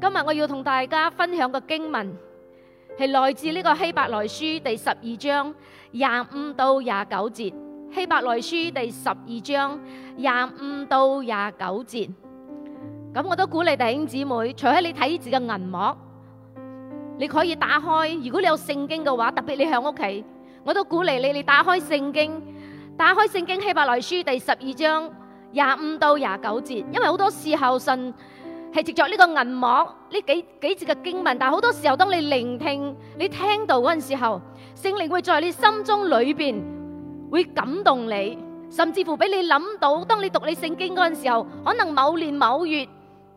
今日我要同大家分享嘅經文，係來自呢個希伯來書第十二章廿五到廿九節。希伯來書第十二章廿五到廿九節。咁我都鼓勵弟兄姊妹，除咗你睇字嘅銀幕，你可以打開。如果你有聖經嘅話，特別你喺屋企，我都鼓勵你，你打開聖經，打開聖經希伯來書第十二章廿五到廿九節。因為好多時候信，係藉着呢個銀幕呢幾幾節嘅經文，但係好多時候，當你聆聽你聽到嗰陣時候，聖靈會在你心中裏邊會感動你，甚至乎俾你諗到，當你讀你聖經嗰陣時候，可能某年某月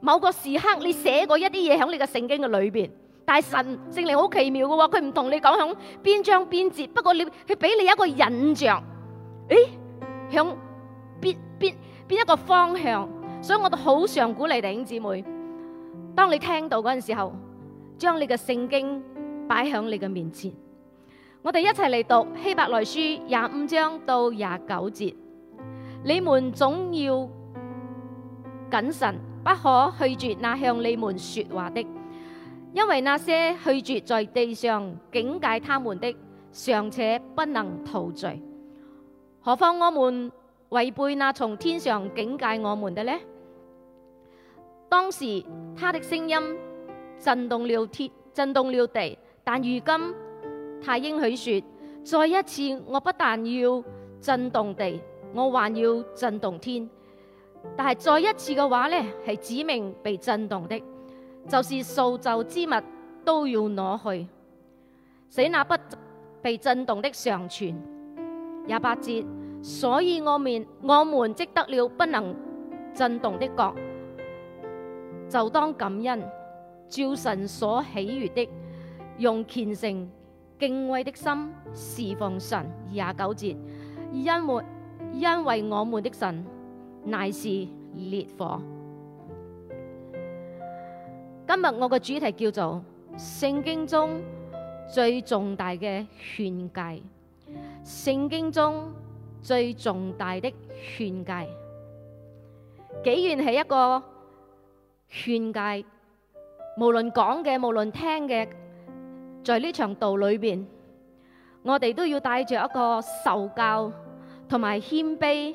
某個時刻你寫過一啲嘢喺你嘅聖經嘅裏邊，但係神聖靈好奇妙嘅喎，佢唔同你講響邊章邊節，不過你佢俾你一個印象，誒，響邊邊邊一個方向。所以我都好常鼓勵弟兄姊妹，當你聽到嗰陣時候，將你嘅聖經擺喺你嘅面前，我哋一齊嚟讀希伯來書廿五章到廿九節。你們總要謹慎，不可拒絕那向你們說話的，因為那些拒絕在地上警戒他們的，尚且不能逃罪，何況我們違背那從天上警戒我們的呢？當時他的聲音震動了鐵，震動了地。但如今太英許説，再一次我不但要震動地，我還要震動天。但係再一次嘅話呢，係指明被震動的，就是素就之物都要攞去，使那不被震動的上全也八折。所以我面我們即得了不能震動的角。就當感恩，照神所喜悅的，用虔誠敬畏的心侍奉神。廿九節，因，因為我們的神乃是烈火。今日我嘅主題叫做《聖經中最重大嘅勸誡》，《聖經中最重大的勸誡》。既然係一個。勸誡，無論講嘅，無論聽嘅，在呢場道裏邊，我哋都要帶住一個受教同埋謙卑，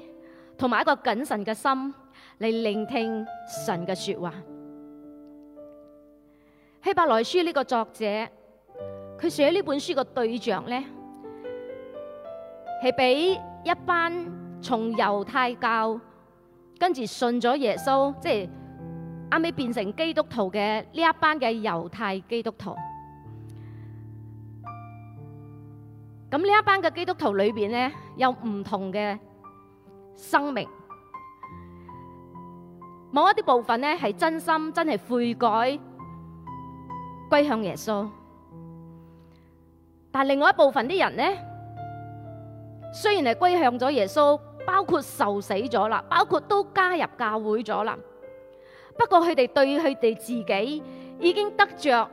同埋一個謹慎嘅心嚟聆聽神嘅說話。希伯來書呢個作者，佢寫呢本書嘅對象呢，係俾一班從猶太教跟住信咗耶穌，即係。啱尾變成基督徒嘅呢一班嘅猶太基督徒，咁呢一班嘅基督徒裏邊咧，有唔同嘅生命，某一啲部分咧係真心真係悔改，歸向耶穌，但另外一部分啲人咧，雖然係歸向咗耶穌，包括受死咗啦，包括都加入教會咗啦。不過佢哋對佢哋自己已經得著呢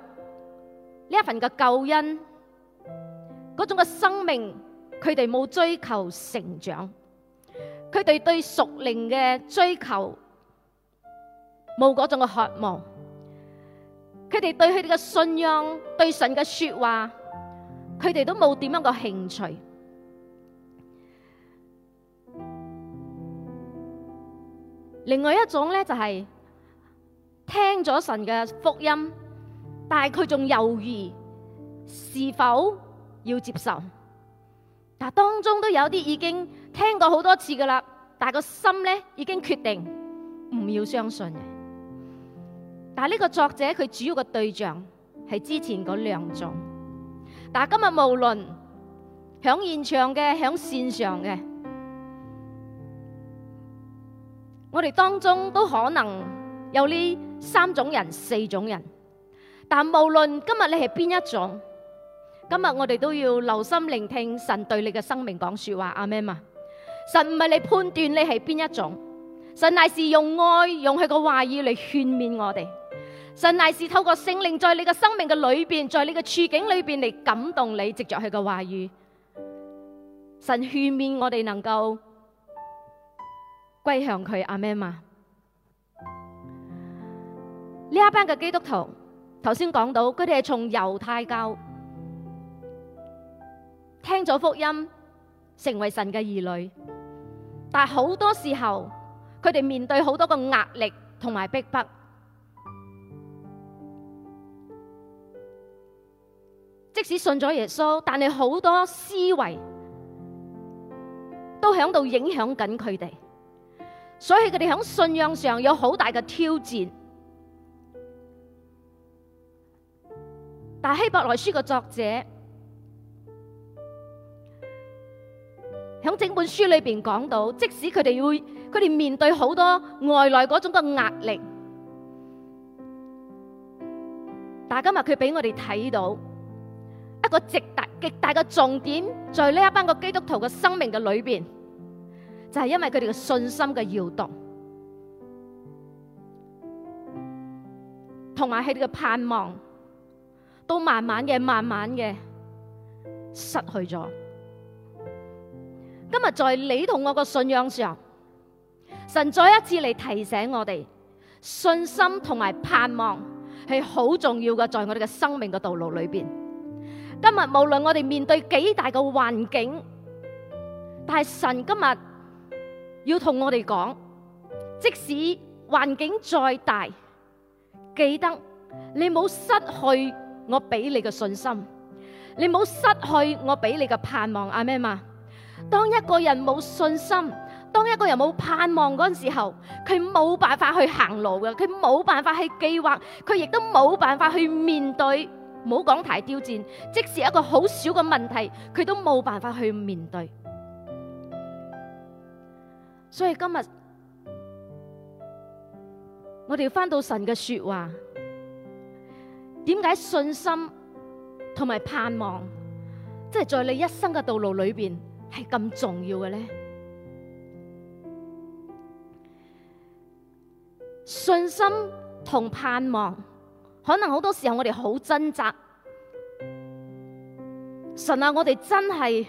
一份嘅救恩，嗰種嘅生命佢哋冇追求成長，佢哋對屬靈嘅追求冇嗰種嘅渴望，佢哋對佢哋嘅信仰對神嘅説話，佢哋都冇點樣嘅興趣。另外一種咧就係，聽咗神嘅福音，但係佢仲猶豫是否要接受。嗱，當中都有啲已經聽過好多次㗎喇，但係個心咧已經決定唔要相信嘅。但係呢個作者佢主要嘅對象係之前嗰兩種。但係今日無論響現場嘅、響線上嘅，我哋當中都可能有呢。三種人、四種人，但無論今日你係邊一種，今日我哋都要留心聆聽神對你嘅生命講說話。阿們嘛，神唔係你判斷你係邊一種，神乃是用愛用佢嘅話語嚟勸勉我哋，神乃是透過聖靈在你嘅生命嘅裏邊，在你嘅處境裏邊嚟感動你，藉着佢嘅話語，神勸勉我哋能夠歸向佢。阿們嘛。呢一班嘅基督徒，頭先講到佢哋係從猶太教聽咗福音，成為神嘅兒女，但係好多時候佢哋面對好多嘅壓力同埋逼迫。即使信咗耶穌，但係好多思維都喺度影響緊佢哋，所以佢哋喺信仰上有好大嘅挑戰。但係希伯來書嘅作者喺整本書裏邊講到，即使佢哋會佢哋面對好多外來嗰種嘅壓力，但係今日佢俾我哋睇到一個極大極大嘅重點，在呢一班個基督徒嘅生命嘅裏邊，就係因為佢哋嘅信心嘅搖動，同埋佢哋嘅盼望。都慢慢嘅，慢慢嘅失去咗。今日在你同我嘅信仰上，神再一次嚟提醒我哋信心同埋盼望係好重要嘅，在我哋嘅生命嘅道路裏邊。今日無論我哋面對幾大嘅環境，但係神今日要同我哋講，即使環境再大，記得你冇失去。我俾你嘅信心，你冇失去我俾你嘅盼望啊咩嘛？當一個人冇信心，當一個人冇盼望嗰陣時候，佢冇辦法去行路嘅，佢冇辦法去計劃，佢亦都冇辦法去面對。唔好講大挑戰，即使一個好小嘅問題，佢都冇辦法去面對。所以今日我哋要翻到神嘅說話。點解信心同埋盼望，即係在你一生嘅道路裏邊係咁重要嘅咧？信心同盼望，可能好多時候我哋好掙扎。神啊，我哋真係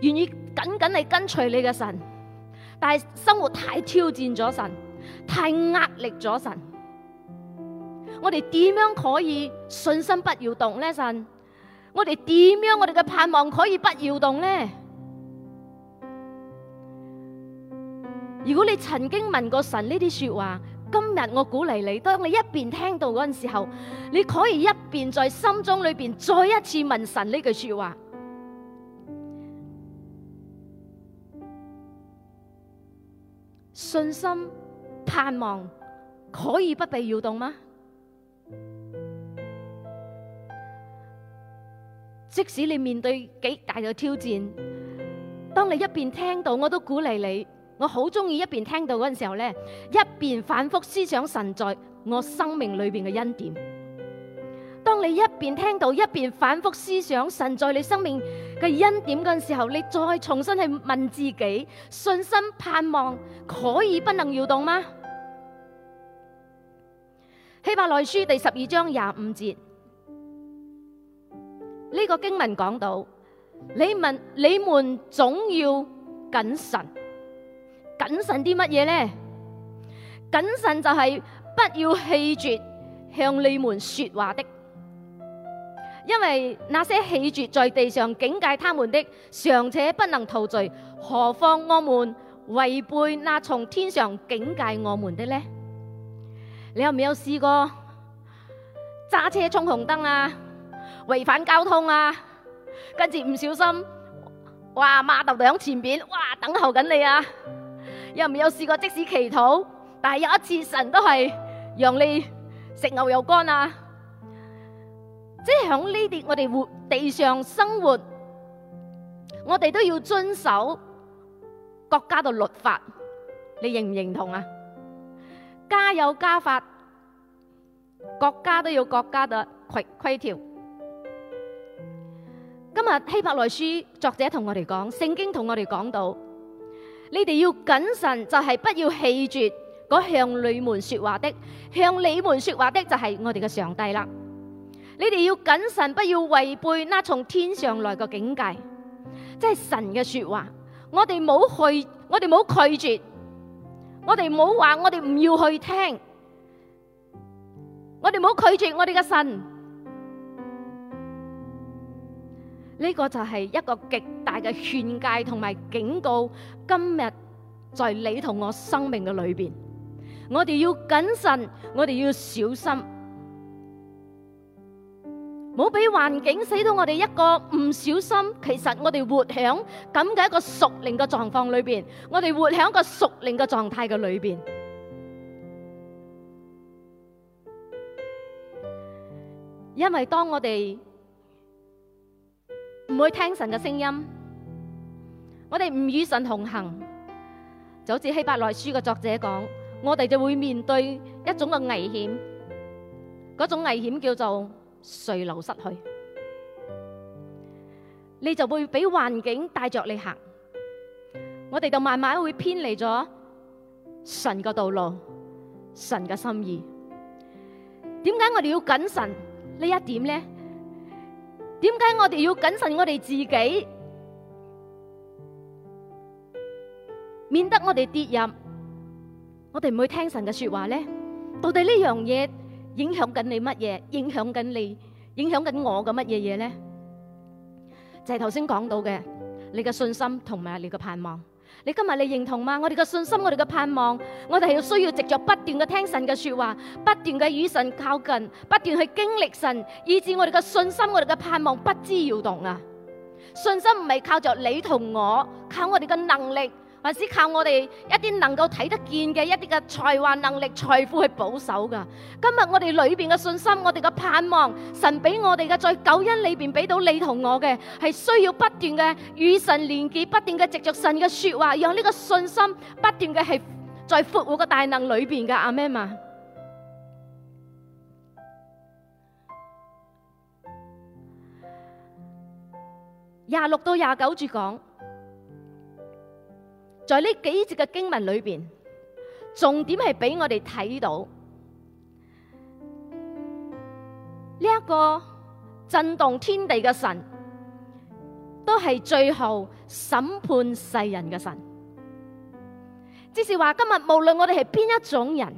願意緊緊地跟隨你嘅神，但係生活太挑戰咗神，太壓力咗神。我哋點樣可以信心不搖動呢？神，我哋點樣我哋嘅盼望可以不搖動呢？如果你曾經問過神呢啲說話，今日我鼓勵你，當你一邊聽到嗰陣時候，你可以一邊在心中裏邊再一次問神呢句說話：信心盼望可以不被搖動嗎？即使你面對幾大嘅挑戰，當你一邊聽到，我都鼓勵你，我好中意一邊聽到嗰陣時候咧，一邊反覆思想神在我生命裏邊嘅恩典。當你一邊聽到，一邊反覆思想神在你生命嘅恩典嗰陣時候，你再重新去問自己，信心盼望可以不能搖動嗎？希伯來書第十二章廿五節。呢個經文講到，你們你們總要謹慎，謹慎啲乜嘢呢？謹慎就係不要棄絕向你們說話的，因為那些棄絕在地上警戒他們的，尚且不能逃罪，何況我們違背那從天上警戒我們的呢？你有唔有試過揸車衝紅燈啊？違反交通啊！跟住唔小心，哇！馬竇喺前邊，哇！等候緊你啊！有唔有試過？即使祈禱，但係有一次神都係讓你食牛肉乾啊！即係喺呢啲我哋活地上生活，我哋都要遵守國家嘅律法。你認唔認同啊？家有家法，國家都有國家嘅規規條。今日希伯來書作者同我哋講，聖經同我哋講到，你哋要謹慎，就係不要棄絕嗰，向你們說話的，向你們說話的就係我哋嘅上帝啦。你哋要謹慎，不要違背那從天上來嘅警戒，即係神嘅說話。我哋冇去，我哋冇拒絕，我哋冇話，我哋唔要去聽，我哋冇拒絕我哋嘅神。呢個就係一個極大嘅勸誡同埋警告。今日在你同我生命嘅裏邊，我哋要謹慎，我哋要小心，唔好俾環境死到我哋一個唔小心。其實我哋活響咁嘅一個熟齡嘅狀況裏邊，我哋活響一個熟齡嘅狀態嘅裏邊，因為當我哋。唔會聽神嘅聲音，我哋唔與神同行，就好似希伯來書嘅作者講，我哋就會面對一種嘅危險，嗰種危險叫做隨流失去，你就會俾環境帶着你行，我哋就慢慢會偏離咗神嘅道路、神嘅心意。點解我哋要謹慎呢一點呢？點解我哋要謹慎我哋自己，免得我哋跌入，我哋唔會聽神嘅說話咧？到底呢樣嘢影響緊你乜嘢？影響緊你，影響緊我嘅乜嘢嘢咧？就係頭先講到嘅，你嘅信心同埋你嘅盼望。你今日你認同嘛？我哋嘅信心，我哋嘅盼望，我哋係要需要藉住不斷嘅聽神嘅說話，不斷嘅與神靠近，不斷去經歷神，以致我哋嘅信心，我哋嘅盼望不支搖動啊！信心唔係靠著你同我，靠我哋嘅能力。還是靠我哋一啲能夠睇得見嘅一啲嘅才華、能力、財富去保守噶。今日我哋裏邊嘅信心，我哋嘅盼望，神俾我哋嘅在救恩裏邊俾到你同我嘅，係需要不斷嘅與神連結，不斷嘅藉着神嘅說話，讓呢個信心不斷嘅係在復活嘅大能裏邊嘅。阿們嘛，廿六到廿九節講。在呢幾節嘅經文裏邊，重點係俾我哋睇到呢一個震動天地嘅神，都係最後審判世人嘅神。即是話今日無論我哋係邊一種人，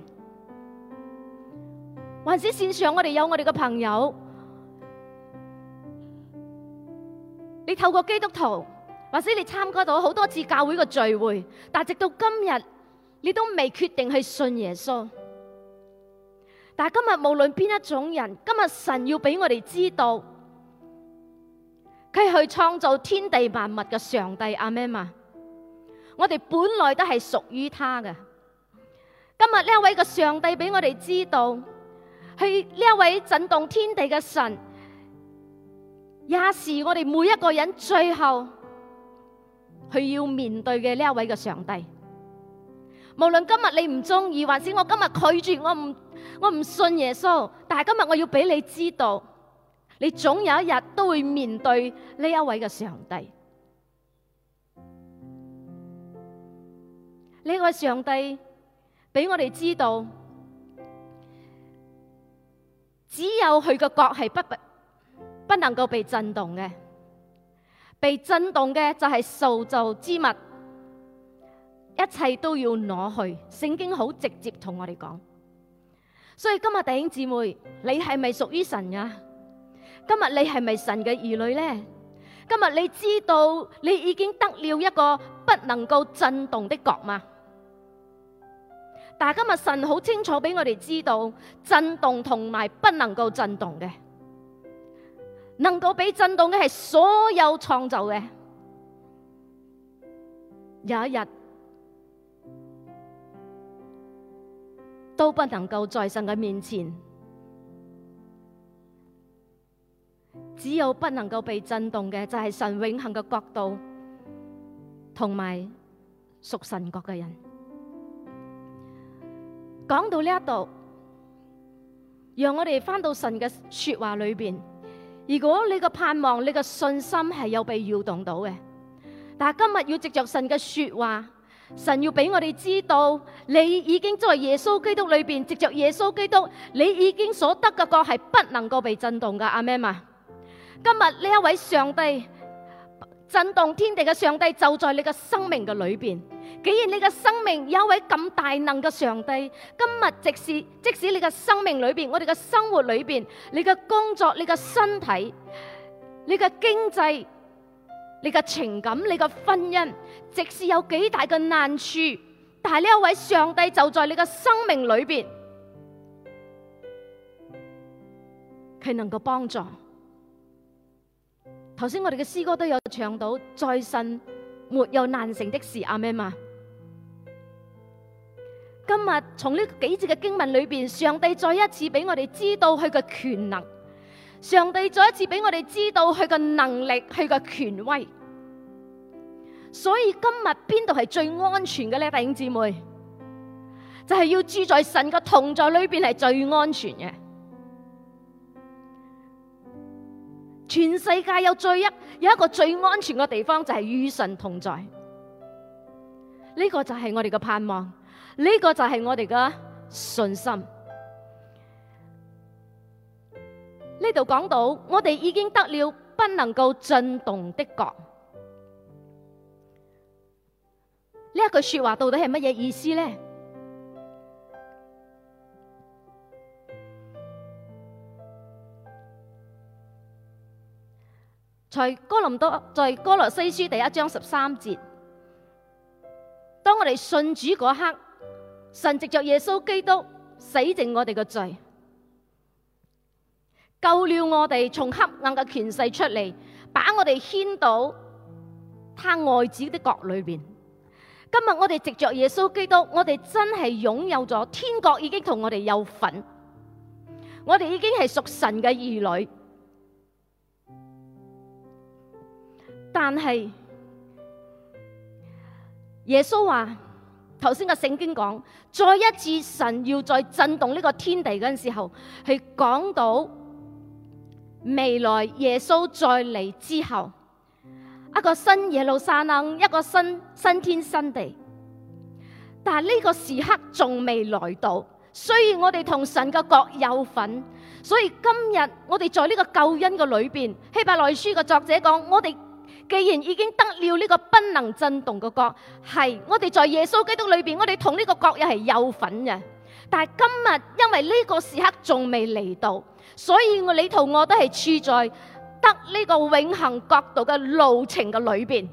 還是線上我哋有我哋嘅朋友，你透過基督徒。或者你參加到好多次教會嘅聚會，但直到今日你都未決定去信耶穌。但今日無論邊一種人，今日神要俾我哋知道，佢係創造天地萬物嘅上帝。阿們嘛，我哋本來都係屬於他嘅。今日呢一位嘅上帝俾我哋知道，係呢一位震動天地嘅神，也是我哋每一個人最後。佢要面對嘅呢一位嘅上帝，無論今日你唔中意，還是我今日拒絕，我唔我唔信耶穌，但係今日我要俾你知道，你總有一日都會面對呢一位嘅上帝。呢位上帝俾我哋知道，只有佢嘅角係不不能夠被震動嘅。被震動嘅就是受造之物，一切都要攞去。聖經好直接同我哋講，所以今日弟兄姊妹，你係咪屬於神呀？今日你係咪神嘅兒女呢？今日你知道你已經得了一個不能夠震動的國嗎？但今日神好清楚俾我哋知道震動同埋不能夠震動嘅。能夠被震動嘅係所有創造嘅，有一日都不能夠在神嘅面前，只有不能夠被震動嘅就係神永恒嘅國度，同埋屬神國嘅人。講到呢一度，讓我哋翻到神嘅說話裏邊。如果你的盼望，你的信心係有被搖動到嘅，但今日要藉着神嘅說話，神要畀我哋知道，你已經在耶穌基督裏邊，藉着耶穌基督，你已經所得嘅國係不能夠被震動嘅，阿們、啊。今日呢一位上帝，震動天地嘅上帝就在你嘅生命嘅裏邊。既然你嘅生命有一位咁大能嘅上帝，今日即使即使你嘅生命裏邊，我哋嘅生活裏邊，你嘅工作、你嘅身體、你嘅經濟、你嘅情感、你嘅婚姻，即使有幾大嘅難處，但係呢一位上帝就在你嘅生命裏邊，佢能夠幫助。頭先我哋嘅詩歌都有唱到，在神沒有難成的事，阿媽咪今日從呢幾節嘅經文裏邊，上帝再一次俾我哋知道佢嘅權能，上帝再一次俾我哋知道佢嘅能力，佢嘅權威。所以今日邊度係最安全嘅呢？弟兄姊妹，就係、是、要住在神嘅同在裏邊係最安全嘅。全世界有最一有一個最安全嘅地方就係、是、與神同在，呢、這個就係我哋嘅盼望，呢、這個就係我哋嘅信心。呢度講到我哋已經得了不能夠震動的國，呢一句說話到底係乜嘢意思咧？在哥林多，在哥羅西書第一章十三節，當我哋信主嗰刻，神藉着耶穌基督死淨我哋嘅罪，救了我哋從黑暗嘅權勢出嚟，把我哋遷到他愛子的國裏邊。今日我哋藉着耶穌基督，我哋真係擁有咗天國，已經同我哋有份，我哋已經係屬神嘅兒女。但係耶穌話：頭先嘅聖經講，再一次神要再震動呢個天地嗰陣時候，係講到未來耶穌再嚟之後，一個新耶路撒冷，一個新新天新地。但係呢個時刻仲未來到，雖然我哋同神嘅國有份，所以今日我哋在呢個救恩嘅裏邊，希伯來書嘅作者講，我哋。既然已經得了呢個不能震動嘅國，係我哋在耶穌基督裏邊，我哋同呢個國又係有份嘅。但係今日因為呢個時刻仲未嚟到，所以我你同我都係處在得呢個永恆國度嘅路程嘅裏邊。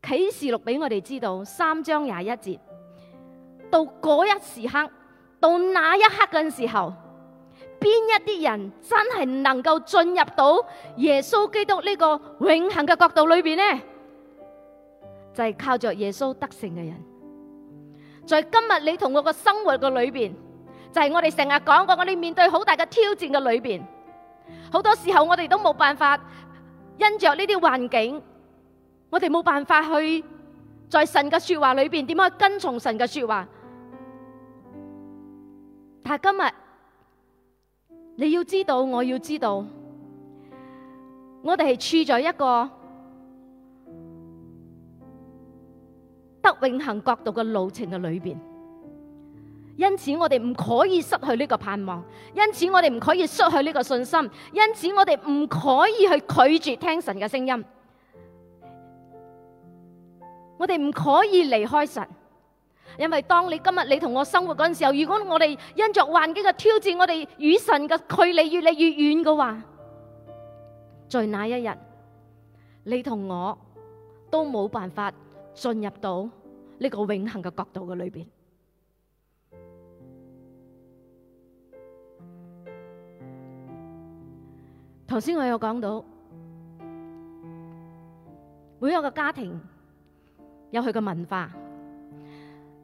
啟示錄俾我哋知道三章廿一節，到嗰一時刻，到那一刻嘅時候。邊一啲人真係能夠進入到耶穌基督呢個永恆嘅國度裏邊呢？就係靠着耶穌得勝嘅人。在今日你同我嘅生活嘅裏邊，就係我哋成日講過，我哋面對好大嘅挑戰嘅裏邊，好多時候我哋都冇辦法因着呢啲環境，我哋冇辦法去在神嘅說話裏邊點樣去跟從神嘅說話。但係今日。你要知道，我要知道，我哋係處在一個得永恒角度嘅路程嘅裏邊，因此我哋唔可以失去呢個盼望，因此我哋唔可以失去呢個信心，因此我哋唔可以去拒絕聽神嘅聲音，我哋唔可以離開神。因為當你今日你同我生活嗰陣時候，如果我哋因着環境嘅挑戰，我哋與神嘅距離越嚟越遠嘅話，在那一日，你同我都冇辦法進入到呢個永恆嘅國度嘅裏邊。頭先我有講到，每一個家庭有佢嘅文化。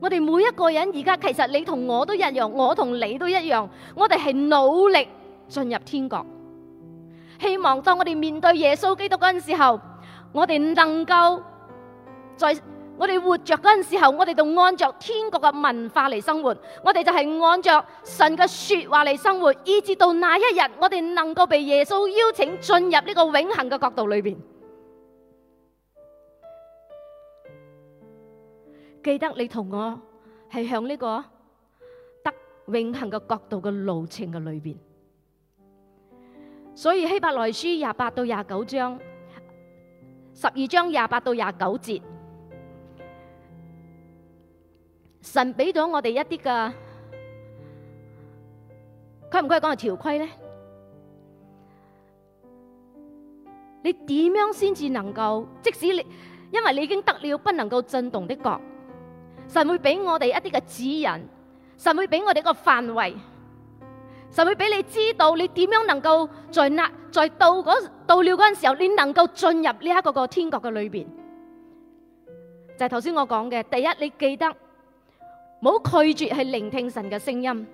我哋每一個人而家，其實你同我都一樣，我同你都一樣。我哋係努力進入天國，希望當我哋面對耶穌基督嗰陣時候，我哋能夠在我哋活着嗰陣時候，我哋就按着天國嘅文化嚟生活，我哋就係按着神嘅說話嚟生活，以至到那一日，我哋能夠被耶穌邀請進入呢個永恆嘅國度裏面。記得你同我係向呢個得永恆嘅國度嘅路程嘅裏邊，所以希伯來書廿八到廿九章十二章廿八到廿九節，神俾咗我哋一啲嘅佢唔，佢講嘅條規咧，你點樣先至能夠？即使你因為你已經得了，不能夠震動的角。神會俾我哋一啲嘅指引，神會俾我哋一個範圍，神會俾你知道你點樣能夠在那在到嗰到了嗰陣時候，你能夠進入呢一個個天國嘅裏邊。就係頭先我講嘅，第一你記得唔好拒絕係聆聽神嘅聲音。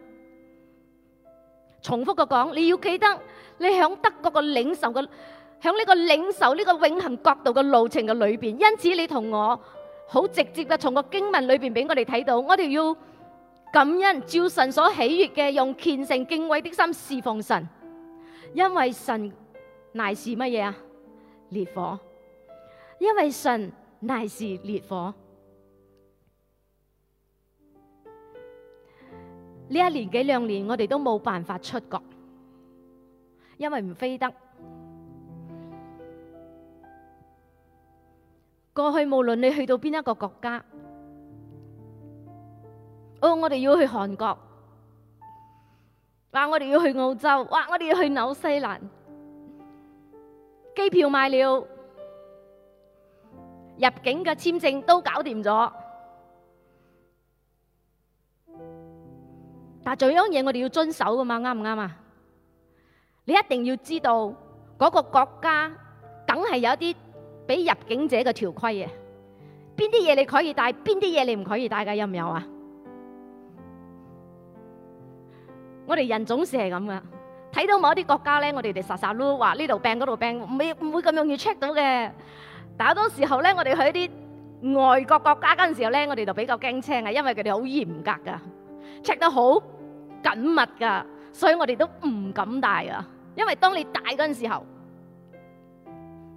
重複嘅講，你要記得你響德國個領袖嘅響呢個領袖呢個永恆國度嘅路程嘅裏邊，因此你同我。好直接嘅，從個經文裏邊俾我哋睇到，我哋要感恩，照神所喜悅嘅，用虔誠敬畏的心侍奉神，因為神乃是乜嘢啊？烈火，因為神乃是烈火。呢一年幾兩年，我哋都冇辦法出國，因為唔飛得。過去無論你去到邊一個國家，哦，我哋要去韓國，哇，我哋要去澳洲，哇，我哋要去紐西蘭，機票買了，入境嘅簽證都搞掂咗，但係仲有一樣嘢，我哋要遵守噶嘛，啱唔啱啊？你一定要知道嗰個國家，梗係有啲。俾入境者嘅條規嘅，邊啲嘢你可以帶，邊啲嘢你唔可以帶嘅，有唔有啊？我哋人總是係咁噶，睇到某一啲國家咧，我哋哋傻傻囉話呢度病嗰度病，唔會唔會咁容易 check 到嘅。但好多時候咧，我哋去一啲外國國家嗰陣時候咧，我哋就比較驚青啊，因為佢哋好嚴格噶，check 得好緊密噶，所以我哋都唔敢帶啊，因為當你帶嗰陣時候。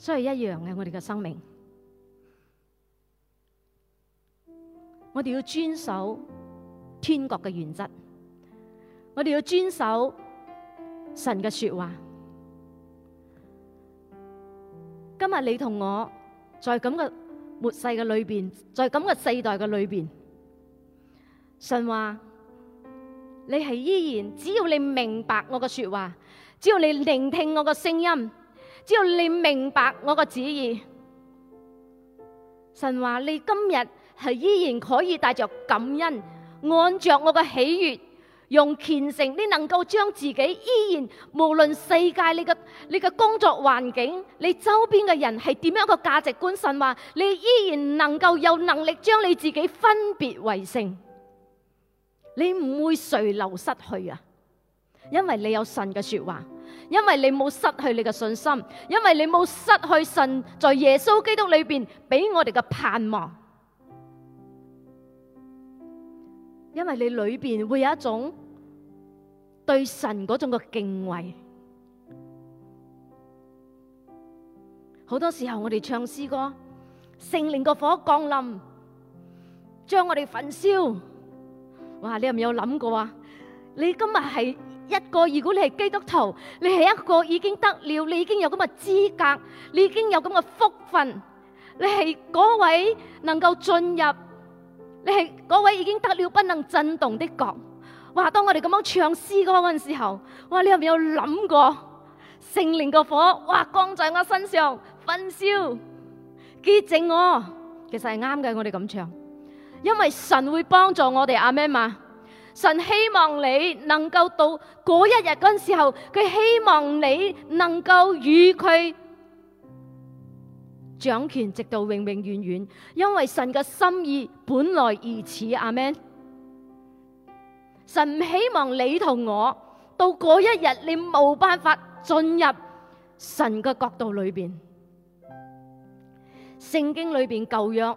所以一樣嘅，我哋嘅生命，我哋要遵守天國嘅原則，我哋要遵守神嘅說話。今日你同我在個，在這嘅末世嘅裏邊，在咁嘅世代嘅裏邊，神話你係依然，只要你明白我嘅說話，只要你聆聽我嘅聲音。只要你明白我個旨意，神話你今日係依然可以帶着感恩，按着我個喜悦，用虔誠，你能夠將自己依然無論世界你嘅你個工作環境，你周邊嘅人係點樣個價值觀，神話你依然能夠有能力將你自己分別為聖，你唔會隨流失去啊，因為你有神嘅說話。因為你冇失去你嘅信心，因為你冇失去神在耶穌基督裏面俾我哋嘅盼望，因為你裏面會有一種對神嗰種嘅敬畏。好多時候我哋唱詩歌，聖靈個火降臨，將我哋焚燒。哇！你有唔有諗過啊？你今日係？一個，如果你係基督徒，你係一個已經得了，你已經有咁嘅資格，你已經有咁嘅福分，你係嗰位能夠進入，你係嗰位已經得了不能震動的國。哇！當我哋咁樣唱詩歌嗰陣時候，哇！你有唔有諗過聖靈嘅火？哇！降在我身上焚燒潔淨我，其實係啱嘅。我哋咁唱，因為神會幫助我哋。阿們。神希望你能夠到嗰一日嗰陣時候，佢希望你能夠與佢掌權，直到永永遠遠。因為神嘅心意本來如此，阿門。神唔希望你同我到嗰一日，你冇辦法進入神嘅國度裏邊。聖經裏邊舊約。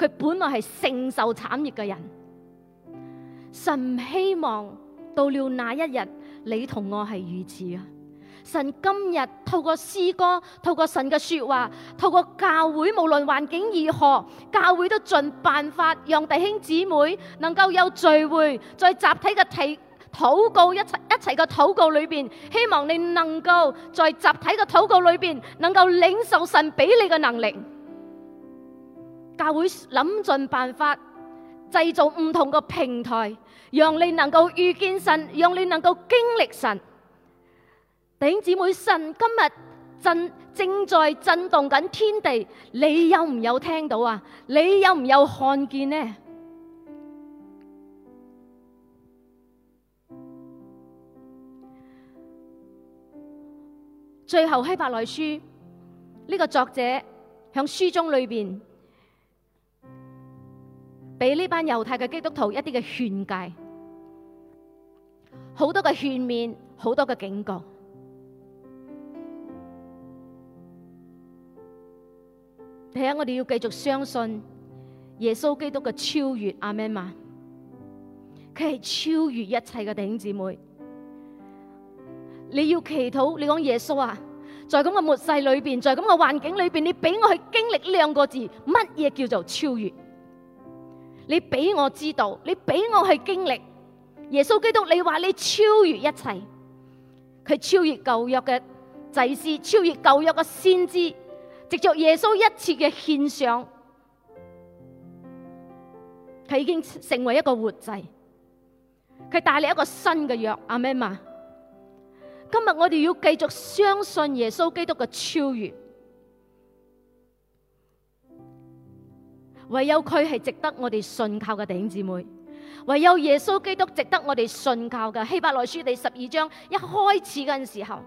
佢本來係承受產業嘅人，神希望到了那一日，你同我係如此啊！神今日透過詩歌，透過神嘅說話，透過教會，無論環境如何，教會都盡辦法讓弟兄姊妹能夠有聚會，在集體嘅提禱告一齊一齊嘅禱告裏邊，希望你能夠在集體嘅禱告裏邊，能夠領受神俾你嘅能力。教會諗盡辦法製造唔同個平台，讓你能夠遇見神，讓你能夠經歷神。弟兄姊妹，神今日震正在震動緊天地，你有唔有聽到啊？你有唔有看見呢？最後喺《希伯來書》，呢個作者響書中裏邊。俾呢班猶太嘅基督徒一啲嘅勸誡，好多嘅勸勉，好多嘅警告。睇下，我哋要繼續相信耶穌基督嘅超越，阿們嘛，佢係超越一切嘅弟兄姊妹。你要祈禱，你講耶穌啊，在咁嘅末世裏邊，在咁嘅環境裏邊，你俾我去經歷呢兩個字，乜嘢叫做超越？你俾我知道，你俾我去經歷耶穌基督，你話你超越一切，佢超越舊約嘅祭司，超越舊約嘅先知，藉着耶穌一次嘅獻上，佢已經成為一個活祭，佢帶嚟一個新嘅約。阿嘛，今日我哋要繼續相信耶穌基督嘅超越。唯有佢係值得我哋信靠嘅弟兄姊妹，唯有耶穌基督值得我哋信靠嘅。希伯來書第十二章一開始嘅時候，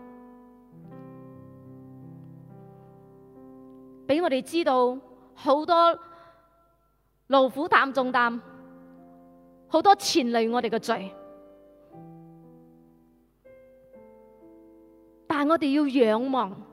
俾我哋知道好多勞苦擔重擔，好多纏累我哋嘅罪，但我哋要仰望。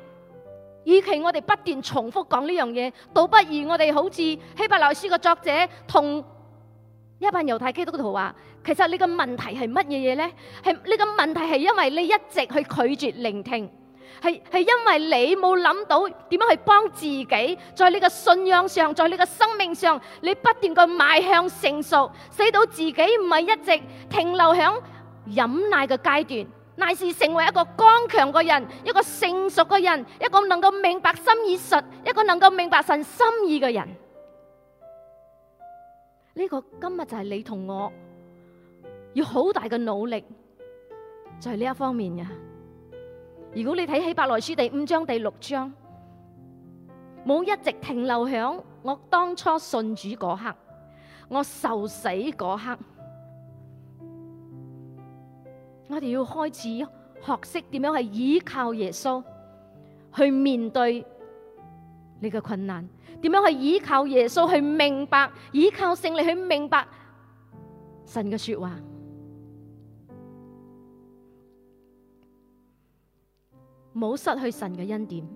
與其我哋不斷重複講呢樣嘢，倒不如我哋好似希伯來書嘅作者，同一班猶太基督徒話：其實你個問題係乜嘢嘢呢？係你個問題係因為你一直去拒絕聆聽，係係因為你冇諗到點樣去幫自己，在你嘅信仰上，在你嘅生命上，你不斷嘅邁向成熟，使到自己唔係一直停留喺飲奶嘅階段。乃是成為一個剛強嘅人，一個成熟嘅人，一個能夠明白心意實，一個能夠明白神心意嘅人。呢、這個今日就係你同我要好大嘅努力，在、就、呢、是、一方面嘅。如果你睇起伯來書第五章第六章，冇一直停留響我當初信主嗰刻，我受死嗰刻。我哋要開始學識點樣去依靠耶穌，去面對你嘅困難，點樣去依靠耶穌去明白，依靠聖靈去明白神嘅說話，冇失去神嘅恩典，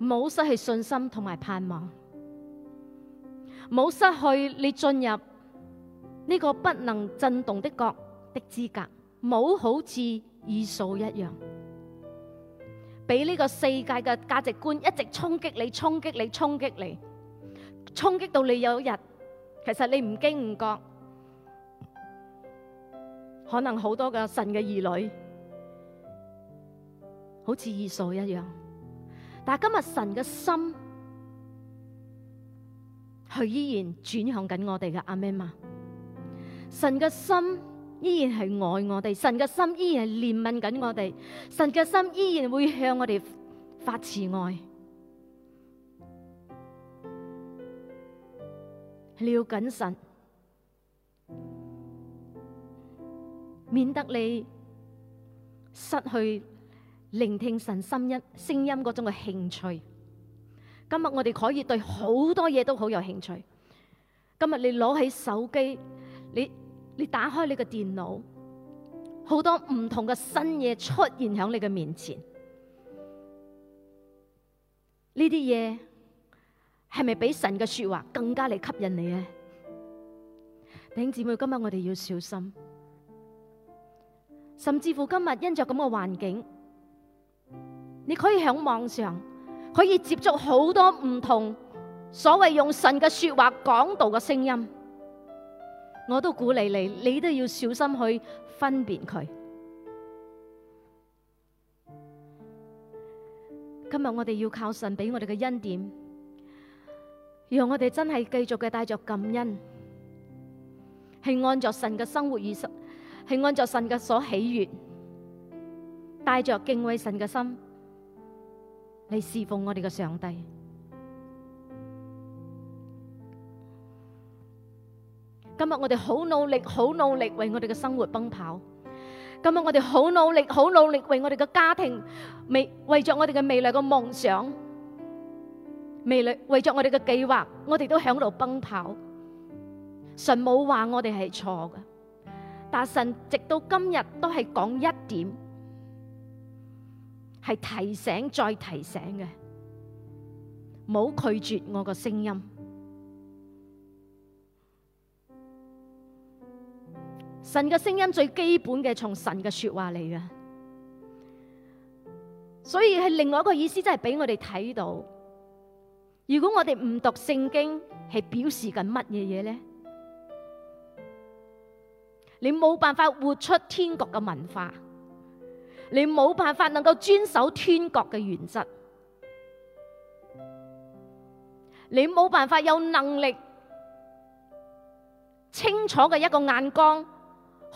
冇失去信心同埋盼望，冇失去你進入呢個不能震動的國。資格冇好似二嫂一樣，俾呢個世界嘅價值觀一直衝擊你，衝擊你，衝擊你，衝擊到你有日，其實你唔經唔覺，可能好多嘅神嘅兒女好似二嫂一樣，但係今日神嘅心，佢依然轉向緊我哋嘅阿媽，神嘅心。依然係愛我哋，神嘅心依然係憐憫緊我哋，神嘅心依然會向我哋發慈愛。你要謹慎，免得你失去聆聽神聲音聲音嗰種嘅興趣。今日我哋可以對好多嘢都好有興趣。今日你攞起手機，你。你打開你個電腦，好多唔同嘅新嘢出現喺你嘅面前。呢啲嘢係咪比神嘅說話更加嚟吸引你咧？弟兄姊妹，今日我哋要小心，甚至乎今日因着咁嘅環境，你可以喺網上可以接觸好多唔同所謂用神嘅說話講道嘅聲音。我都鼓勵你，你都要小心去分辨佢。今日我哋要靠神俾我哋嘅恩典，讓我哋真係繼續嘅帶着感恩，係按着神嘅生活意識，係按着神嘅所喜悅，帶着敬畏神嘅心，嚟侍奉我哋嘅上帝。今日我哋好努力，好努力為我哋嘅生活奔跑。今日我哋好努力，好努力為我哋嘅家庭未，為着我哋嘅未來嘅夢想，未來為着我哋嘅計劃，我哋都響度奔跑。神冇話我哋係錯嘅，但係神直到今日都係講一點，係提醒再提醒嘅，冇拒絕我嘅聲音。神嘅聲音最基本嘅，從神嘅說話嚟嘅。所以係另外一個意思，真係俾我哋睇到。如果我哋唔讀聖經，係表示緊乜嘢嘢呢？你冇辦法活出天國嘅文化，你冇辦法能夠遵守天國嘅原則，你冇辦法有能力清楚嘅一個眼光。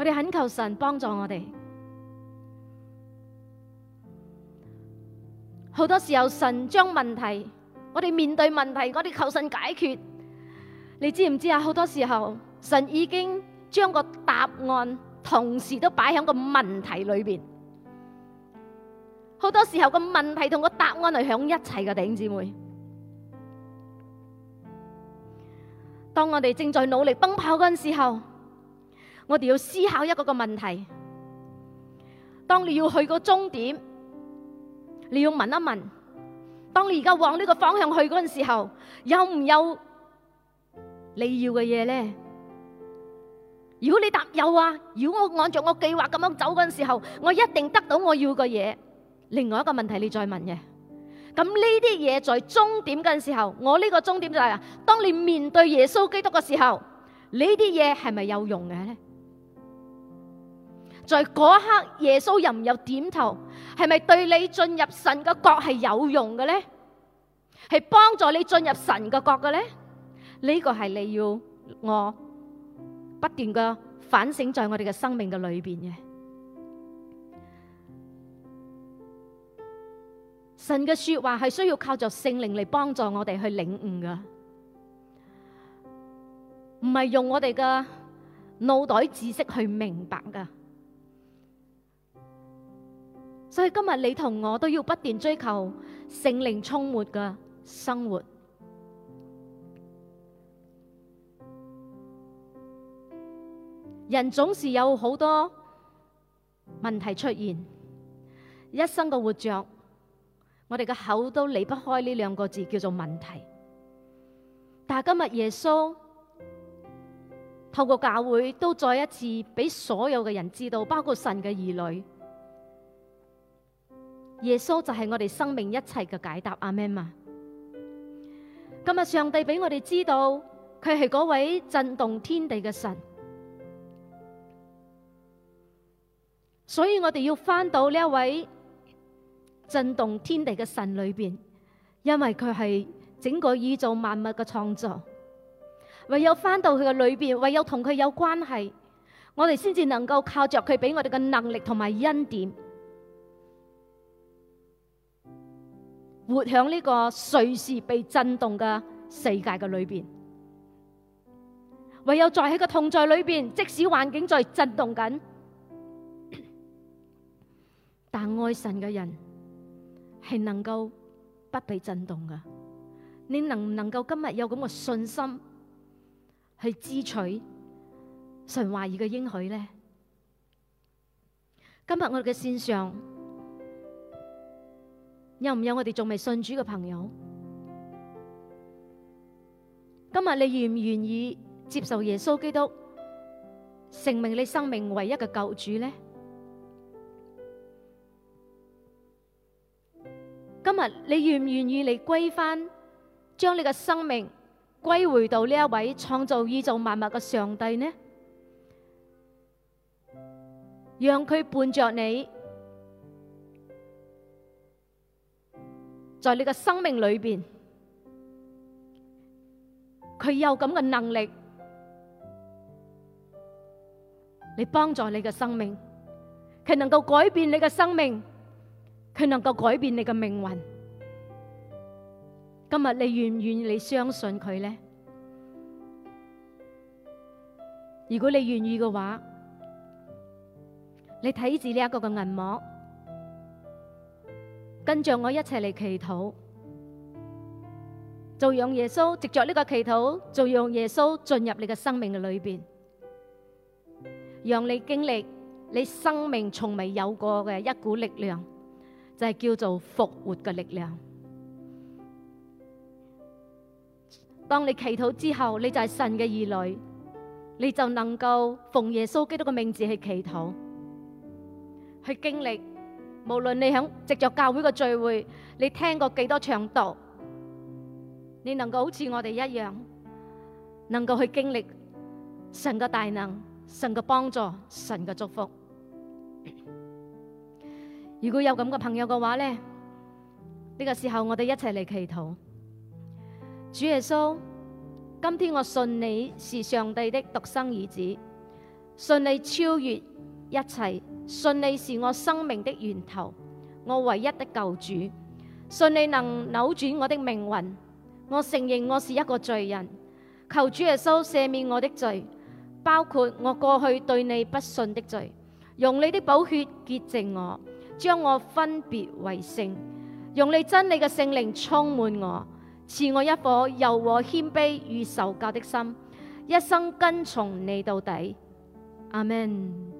我哋懇求神幫助我哋。好多時候，神將問題，我哋面對問題，我哋求神解決。你知唔知啊？好多時候，神已經將個答案，同時都擺喺個問題裏邊。好多時候，個問題同個答案係響一齊嘅，弟兄姊妹。當我哋正在努力奔跑嗰陣時候。我哋要思考一個個問題。當你要去個終點，你要問一問。當你而家往呢個方向去嗰陣時候，有唔有你要嘅嘢咧？如果你答有啊，如果我按照我計劃咁樣走嗰陣時候，我一定得到我要嘅嘢。另外一個問題，你再問嘅。咁呢啲嘢在終點嗰陣時候，我呢個終點就係啊，當你面對耶穌基督嘅時候，呢啲嘢係咪有用嘅咧？在嗰一刻，耶穌又有冇點頭，係咪對你進入神嘅國係有用嘅呢？係幫助你進入神嘅國嘅呢？呢個係你要我不斷嘅反省，在我哋嘅生命嘅裏面嘅。神嘅說話係需要靠着聖靈嚟幫助我哋去領悟噶，唔係用我哋嘅腦袋知識去明白噶。所以今日你同我都要不斷追求聖靈充滿嘅生活。人總是有好多問題出現，一生嘅活着，我哋嘅口都離不開呢兩個字叫做問題。但係今日耶穌透過教會都再一次俾所有嘅人知道，包括神嘅兒女。耶穌就係我哋生命一切嘅解答，阿們嘛。今日上帝俾我哋知道佢係嗰位震動天地嘅神，所以我哋要翻到呢一位震動天地嘅神裏邊，因為佢係整個宇宙萬物嘅創造，唯有翻到佢嘅裏邊，唯有同佢有關係，我哋先至能夠靠着佢俾我哋嘅能力同埋恩典。活喺呢個隨時被震動嘅世界嘅裏邊，唯有在喺個同在裏邊，即使環境在震動緊，但愛神嘅人係能夠不被震動嘅。你能唔能夠今日有咁嘅信心去支取神話語嘅應許呢？今日我哋嘅線上。有唔有我哋仲未信主嘅朋友？今日你願唔願意接受耶穌基督，成為你生命唯一嘅救主呢？今日你願唔願意嚟歸翻，將你嘅生命歸回到呢一位創造宇宙萬物嘅上帝呢？讓佢伴着你。在你嘅生命裏邊，佢有咁嘅能力，你幫助你嘅生命，佢能夠改變你嘅生命，佢能夠改變你嘅命運。今日你願唔願意相信佢呢？如果你願意嘅話，你睇住呢一個嘅銀幕。跟着我一齊嚟祈禱，就讓耶穌藉着呢個祈禱，就讓耶穌進入你嘅生命嘅裏邊，讓你經歷你生命從未有過嘅一股力量，就係叫做復活嘅力量。當你祈禱之後，你就係神嘅兒女，你就能夠奉耶穌基督嘅名字去祈禱，去經歷。無論你喺藉著教會嘅聚會，你聽過幾多場道，你能夠好似我哋一樣，能夠去經歷神嘅大能、神嘅幫助、神嘅祝福。如果有咁嘅朋友嘅話咧，呢個時候我哋一齊嚟祈禱。主耶穌，今天我信你是上帝的獨生兒子，信你超越一切。信你是我生命的源頭，我唯一的救主。信你能扭轉我的命運。我承認我是一個罪人，求主耶穌赦免我的罪，包括我過去對你不信的罪。用你的寶血潔淨我，將我分別為聖。用你真理嘅聖靈充滿我，賜我一顆柔和謙卑與受教的心，一生跟從你到底。阿門。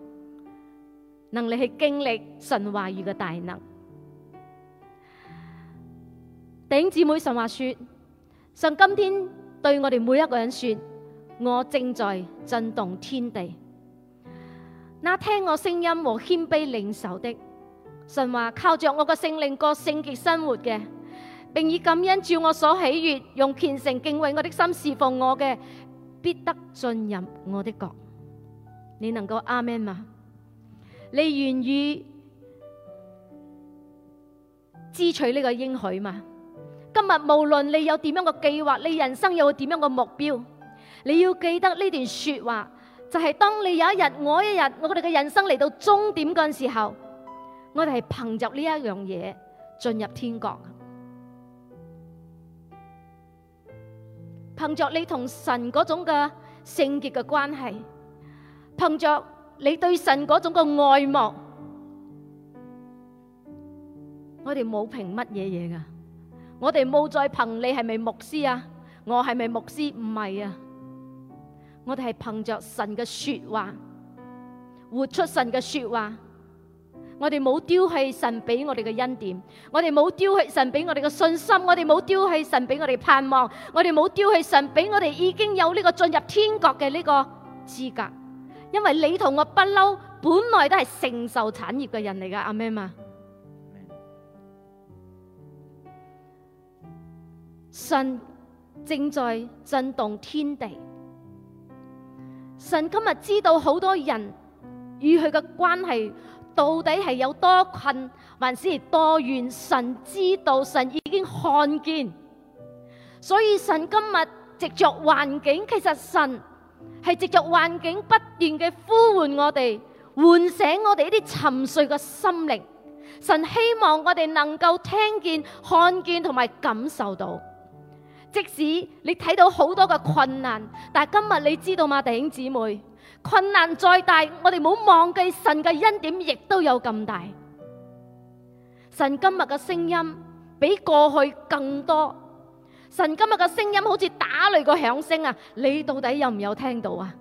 能力去經歷神話語嘅大能。弟兄姊妹，神話說：神今天對我哋每一個人說，我正在震動天地。那聽我聲音和謙卑領受的，神話靠着我嘅聖靈過聖潔生活嘅，並以感恩照我所喜悅，用虔誠敬畏我的心侍奉我嘅，必得進入我的國。你能夠阿門嗎？你願意支取呢個應許嘛？今日無論你有點樣嘅計劃，你人生有點樣嘅目標，你要記得呢段說話，就係當你有一日我一日，我哋嘅人生嚟到終點嗰陣時候，我哋係憑着呢一樣嘢進入天國，憑着你同神嗰種嘅聖潔嘅關係，憑着。你對神嗰種個愛慕，我哋冇憑乜嘢嘢噶，我哋冇再憑你係咪牧師啊？我係咪牧師？唔係啊！我哋係憑着神嘅說話，活出神嘅說話。我哋冇丟棄神俾我哋嘅恩典，我哋冇丟棄神俾我哋嘅信心，我哋冇丟棄神俾我哋盼望，我哋冇丟棄神俾我哋已經有呢個進入天國嘅呢個資格。因為你同我不嬲，本來都係承受產業嘅人嚟噶，阿們啊。神正在震動天地。神今日知道好多人與佢嘅關係到底係有多困，還是多遠？神知道，神已經看見，所以神今日藉著環境，其實神。係藉着環境不斷嘅呼喚我哋，喚醒我哋呢啲沉睡嘅心靈。神希望我哋能夠聽見、看見同埋感受到。即使你睇到好多嘅困難，但係今日你知道嗎，弟兄姊妹？困難再大，我哋唔好忘記神嘅恩典亦都有咁大。神今日嘅聲音比過去更多。神今日嘅聲音好似打雷個響聲啊！你到底有唔有聽到啊？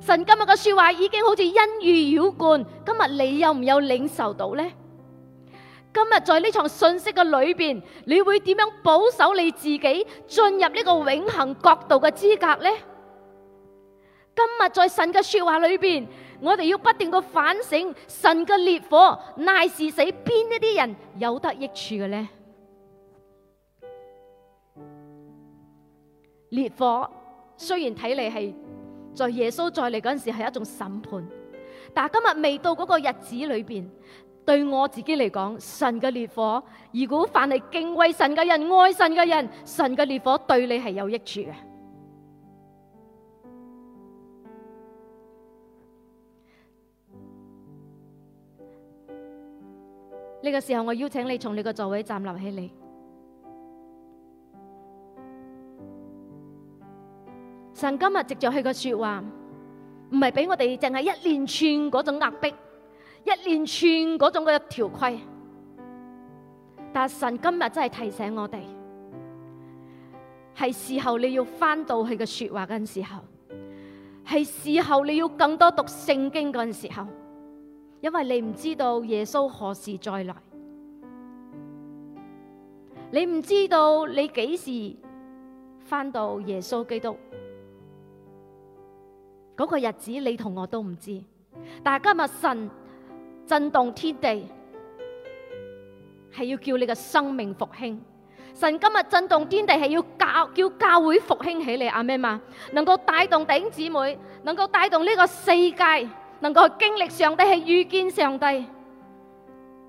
神今日嘅說話已經好似音如繞灌，今日你有唔有領受到呢？今日在呢場信息嘅裏邊，你會點樣保守你自己進入呢個永恆國度嘅資格呢？今日在神嘅說話裏邊，我哋要不斷嘅反省，神嘅烈火乃是使邊一啲人有得益處嘅呢？烈火雖然睇嚟係在耶穌再嚟嗰陣時係一種審判，但係今日未到嗰個日子裏邊，對我自己嚟講，神嘅烈火，如果凡係敬畏神嘅人、愛神嘅人，神嘅烈火對你係有益處嘅。呢個時候，我邀請你從你個座位站立起嚟。神今日藉著佢嘅說話，唔係俾我哋淨係一連串嗰種壓迫，一連串嗰種嘅一條規。但係神今日真係提醒我哋，係時候你要返到佢嘅說話嘅時候，係時候你要更多讀聖經嘅時候，因為你唔知道耶穌何時再來，你唔知道你幾時返到耶穌基督。嗰個日子你同我都唔知，但係今日神震動天地，係要叫你個生命復興。神今日震動天地，係要教叫教會復興起嚟阿咩嘛，能夠帶動弟兄姊妹，能夠帶動呢個世界，能夠去經歷上帝，去遇見上帝。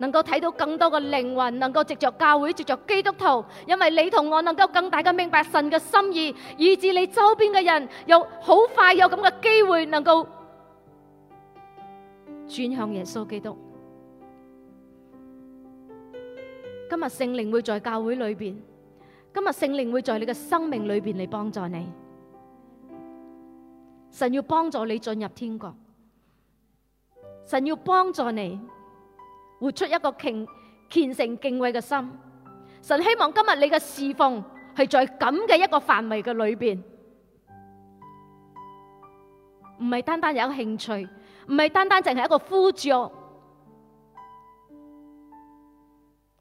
能夠睇到更多嘅靈魂，能夠藉着教會、藉着基督徒，因為你同我能夠更大嘅明白神嘅心意，以致你周邊嘅人有好快有咁嘅機會能夠轉向耶穌基督。今日聖靈會在教會裏邊，今日聖靈會在你嘅生命裏邊嚟幫助你。神要幫助你進入天國，神要幫助你。活出一個虔虔誠敬畏嘅心，神希望今日你嘅侍奉係在咁嘅一個範圍嘅裏邊，唔係單單有一個興趣，唔係單單淨係一個呼召。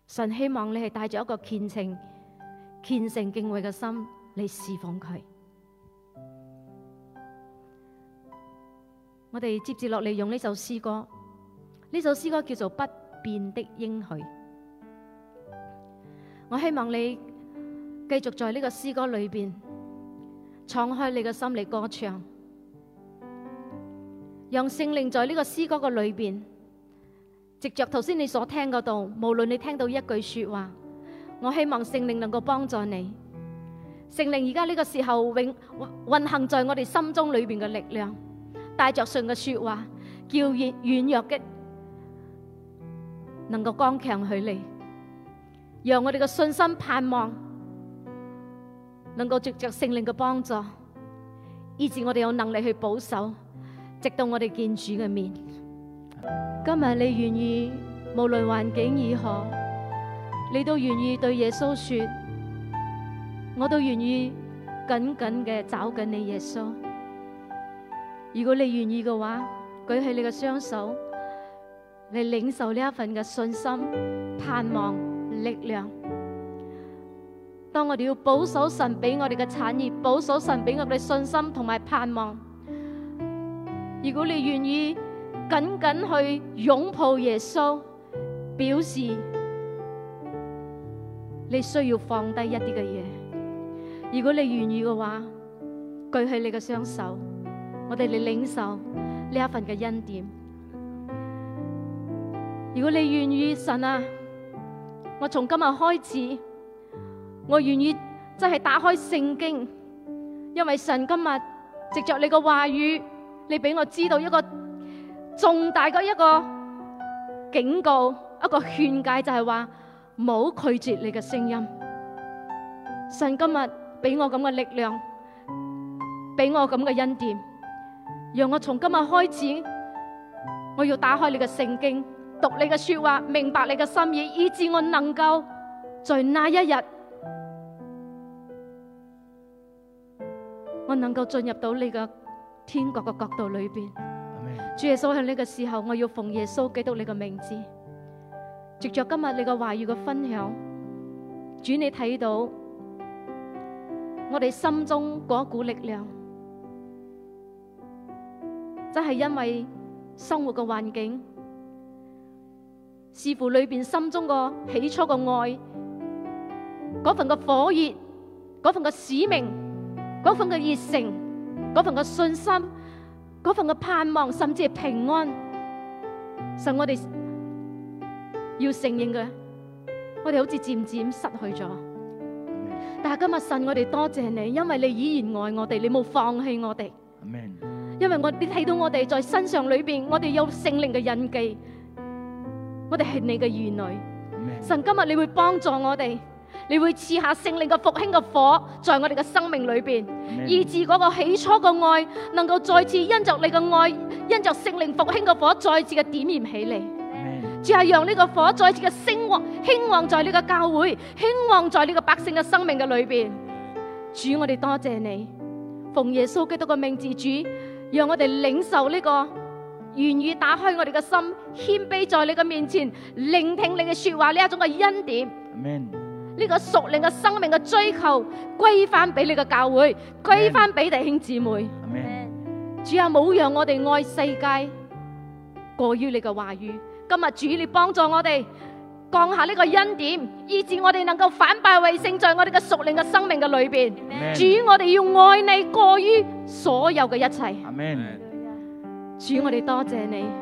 神希望你係帶住一個虔誠、虔誠敬畏嘅心嚟侍奉佢。我哋接住落嚟用呢首詩歌，呢首詩歌叫做不變的應許，我希望你繼續在呢個詩歌裏邊敞開你嘅心嚟歌唱，讓聖靈在呢個詩歌嘅裏邊，藉着頭先你所聽嗰度，無論你聽到一句說話，我希望聖靈能夠幫助你，聖靈而家呢個時候永運行在我哋心中裏邊嘅力量，帶着信嘅說話，叫軟軟弱嘅。能夠剛強起嚟，讓我哋嘅信心盼望，能夠藉着聖靈嘅幫助，以致我哋有能力去保守，直到我哋見主嘅面。今日你願意，無論環境如何，你都願意對耶穌說，我都願意緊緊嘅找緊你耶穌。如果你願意嘅話，舉起你嘅雙手。你領受呢一份嘅信心、盼望、力量。當我哋要保守神俾我哋嘅產業，保守神俾我哋信心同埋盼望。如果你願意，緊緊去擁抱耶穌，表示你需要放低一啲嘅嘢。如果你願意嘅話，舉起你嘅雙手，我哋嚟領受呢一份嘅恩典。如果你願意神啊，我從今日開始，我願意真係打開聖經，因為神今日藉着你個話語，你俾我知道一個重大嘅一個警告，一個勸解就是，就係話冇拒絕你嘅聲音。神今日俾我咁嘅力量，俾我咁嘅恩典，讓我從今日開始，我要打開你嘅聖經。讀你嘅說話，明白你嘅心意，以致我能夠在那一日，我能夠進入到你嘅天國嘅角度裏邊。主耶穌喺呢個時候，我要奉耶穌基督你嘅名字，藉着今日你嘅話語嘅分享，主你睇到我哋心中嗰股力量，真係因為生活嘅環境，似乎裏邊心中個起初個愛，嗰份個火熱，嗰份個使命，嗰份嘅熱誠，嗰份嘅信心，嗰份嘅盼望，甚至係平安，神我哋要承認嘅，我哋好似漸漸失去咗。但係今日神我哋多謝你，因為你依然愛我哋，你冇放棄我哋。阿們。因為，我你睇到我哋在身上裏邊，我哋有聖靈嘅印記。我哋係你嘅兒女，Amen 神今日你會幫助我哋，你會賜下聖靈嘅復興嘅火，在我哋嘅生命裏邊，Amen 以至嗰個起初嘅愛能夠再次因着你嘅愛，因着聖靈復興嘅火再次嘅點燃起嚟，Amen 主係讓呢個火再次嘅升，升旺，興旺在呢個教會，興旺在呢個百姓嘅生命嘅裏邊。Amen 主，我哋多謝你，奉耶穌基督嘅命字主，讓我哋領受呢個願意打開我哋嘅心。謙卑在你嘅面前聆聽你嘅說話，呢一種嘅恩典，呢 Amen 個屬靈嘅生命嘅追求歸翻俾你嘅教會，Amen 歸翻俾弟兄姊妹。Amen 主啊，冇讓我哋愛世界過於你嘅話語。今日主，你幫助我哋降下呢個恩典，以致我哋能夠反敗為勝，在我哋嘅屬靈嘅生命嘅裏邊。Amen 主，我哋要愛你過於所有嘅一切。Amen 主，我哋多謝你。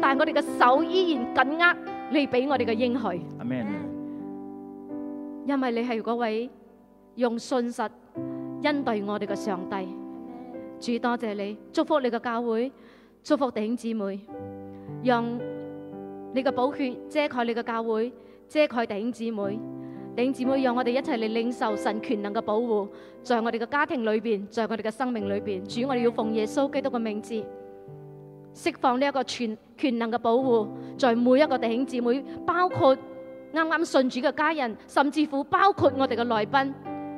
但係我哋嘅手依然緊握你俾我哋嘅應許，阿們，因為你係嗰位用信實恩待我哋嘅上帝，主，多謝你，祝福你嘅教會，祝福弟兄姊妹，用你嘅寶血遮蓋你嘅教會，遮蓋弟兄姊妹，弟兄姊妹，讓我哋一齊嚟領受神權能嘅保護，在我哋嘅家庭裏邊，在我哋嘅生命裏邊，主，我哋要奉耶穌基督嘅名字。釋放呢個全，全能嘅保護，在每一個弟兄姊妹，包括啱啱信主嘅家人，甚至乎包括我哋嘅來賓，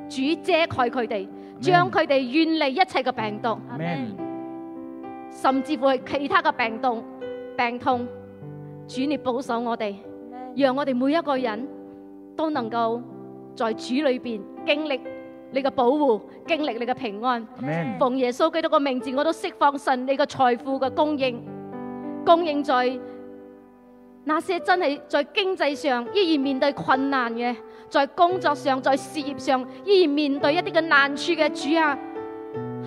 主遮蓋佢哋，將佢哋遠離一切嘅病毒，Amen. 甚至乎係其他嘅病毒、病痛，主你保守我哋，讓我哋每一個人都能夠在主裡面經歷你嘅保護經歷，你嘅平安，奉耶穌基督嘅名字，我都釋放神你嘅財富嘅供應，供應在那些真係在經濟上依然面對困難嘅，在工作上、在事業上依然面對一啲嘅難處嘅。主啊，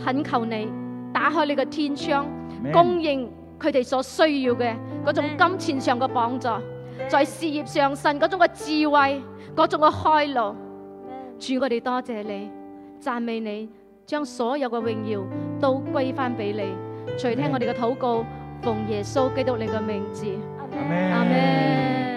懇求你打開你個天窗，供應佢哋所需要嘅嗰種金錢上嘅幫助，在事業上神嗰種嘅智慧，嗰種嘅開路。主，我哋多謝你。讚美你，將所有嘅榮耀都歸翻俾你。隨聽我哋嘅禱告，奉耶穌基督你嘅名字。阿門 Amen。阿門。